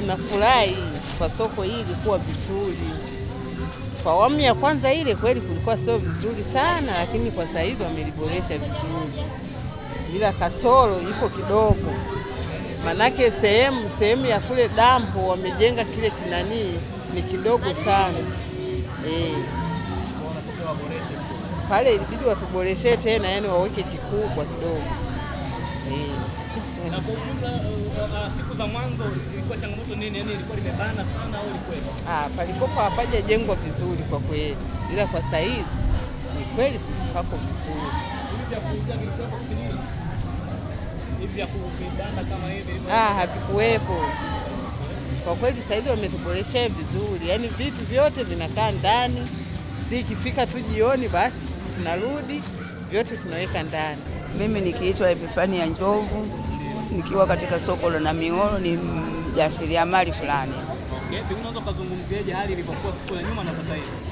tunafurahi kwa soko hili kuwa vizuri. Kwa awamu ya kwanza ile kweli kulikuwa sio vizuri sana, lakini kwa sasa hivi wameliboresha vizuri, ila kasoro iko kidogo, manake sehemu sehemu ya kule dampo wamejenga kile kinanii ni kidogo sana e. Pale ilibidi watuboreshe tena, yani waweke kikubwa kidogo. Na kwa ujumla uh, uh, uh, siku za mwanzo ilikuwa changamoto nini? ilikuwa limebana sana au ilikuwa? Ah, hapaja jengwa vizuri kwa kweli, ila kwa sasa hivi ni kweli vizuri. Ah, havikuwepo kwa kweli. Saizi wametuboresha vizuri, yaani vitu vyote vinakaa ndani, si ikifika tu jioni basi tunarudi vyote tunaweka ndani. Mimi nikiitwa Epifania Njovu nikiwa katika soko la Namiolo ni mjasiriamali fulani.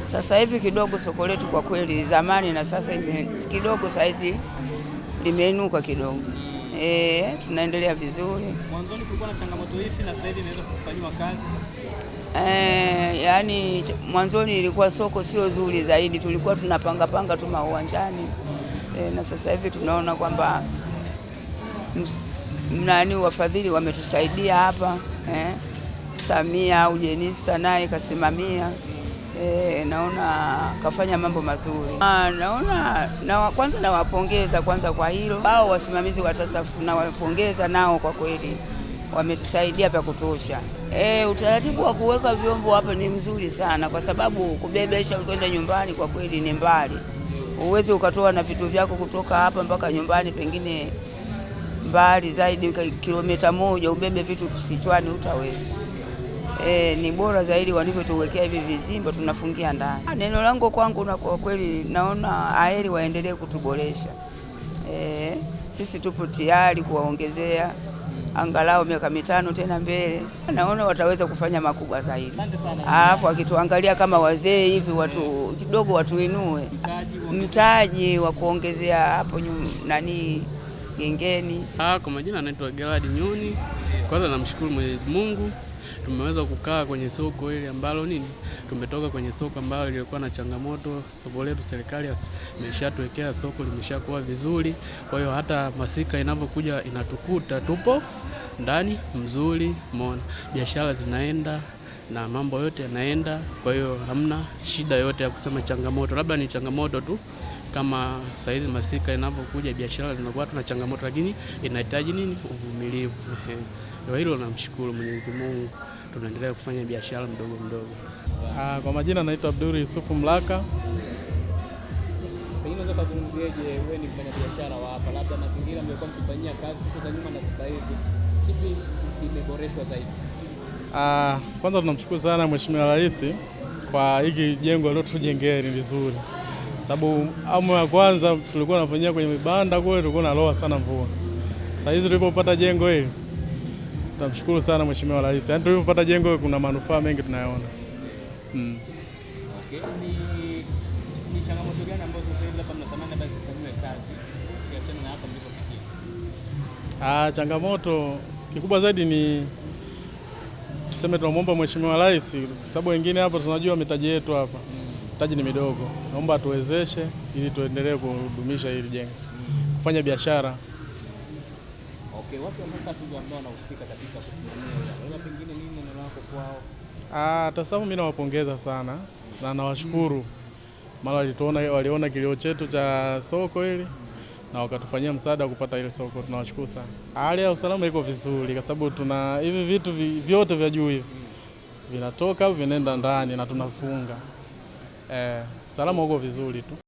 Sasa hivi kidogo soko letu kwa kweli, zamani na sasa kidogo saizi limeinuka kidogo. Eh, tunaendelea vizuri. Mwanzoni kulikuwa na changamoto ipi na sasa hivi inaweza kufanywa kazi? Eh, yani mwanzoni ilikuwa soko sio zuri zaidi, tulikuwa tunapangapanga tu mauanjani e, na sasa hivi tunaona kwamba nani wafadhili wametusaidia hapa eh. Samia au Jenista naye kasimamia e, naona kafanya mambo mazuri ah, naona na, kwanza nawapongeza kwanza kwa hilo hao wasimamizi wa TASAF tunawapongeza nao kwa kweli wametusaidia vya kutosha. E, utaratibu wa kuweka vyombo hapa ni mzuri sana, kwa sababu kubebesha kwenda nyumbani kwa kweli ni mbali. Uwezi ukatoa na vitu vyako kutoka hapa mpaka nyumbani, pengine mbali zaidi kilomita moja, ubebe vitu kichwani, utaweza? E, ni bora zaidi wanivyotuwekea hivi vizimba, tunafungia ndani. Ah, neno langu kwangu, na kwa kweli naona aheri waendelee kutuboresha. E, sisi tupo tayari kuwaongezea angalau miaka mitano tena mbele, naona wataweza kufanya makubwa zaidi. Alafu wakituangalia kama wazee hivi, watu kidogo watuinue mtaji wa kuongezea hapo nani gengeni. Ah, kwa majina anaitwa Gerard Nyoni. Kwanza namshukuru Mwenyezi Mungu tumeweza kukaa kwenye soko hili ambalo nini, tumetoka kwenye soko ambalo lilikuwa na changamoto. Soko letu serikali imeshatuwekea soko limeshakuwa vizuri, kwa hiyo hata masika inavyokuja inatukuta tupo ndani mzuri, mona biashara zinaenda na mambo yote yanaenda, kwa hiyo hamna shida yote ya kusema changamoto, labda ni changamoto tu kama saizi masika inavyokuja biashara inakuwa tuna changamoto, lakini inahitaji nini? Uvumilivu. Kwa hilo namshukuru Mwenyezi Mungu tunaendelea kufanya biashara mdogo mdogo. Ah, kwa majina naitwa Abdul Yusufu Mlaka. Pengine unaweza kuzungumziaje, wewe ni mfanya biashara wa hapa, labda mazingira mliokuwa mkifanyia kazi siku za nyuma na sasa hivi, kipi kimeboreshwa zaidi? Ah, kwanza tunamshukuru sana Mheshimiwa Rais kwa hiki jengo aliotujengea ni vizuri, sababu amu ya kwanza tulikuwa tunafanyia kwenye vibanda kule, tulikuwa tunaloa sana mvua. Sasa hizi tulipopata jengo hili namshukuru sana Mheshimiwa Rais, yaani tulivyopata jengo kuna manufaa mengi tunayaona. Mm. Okay. Ni, ni changamoto gani ambazo Ah, changamoto kikubwa zaidi ni tuseme, tunamwomba Mheshimiwa Rais kwa sababu wengine hapa tunajua mitaji yetu hapa mitaji ni midogo, naomba atuwezeshe ili tuendelee kudumisha hili jengo kufanya biashara. Okay, watu ambao wanahusika katika kusimamia wala pengine nini neno lako kwao? Ah, TASAFU mimi nawapongeza sana na nawashukuru mm. mara walituona, waliona kilio chetu cha soko hili na wakatufanyia msaada wa kupata ile soko, tunawashukuru sana. Hali ya usalama iko vizuri, kwa sababu tuna hivi vitu vyote vya juu hivi vinatoka vinaenda ndani na tunafunga. Eh, usalama uko vizuri tu.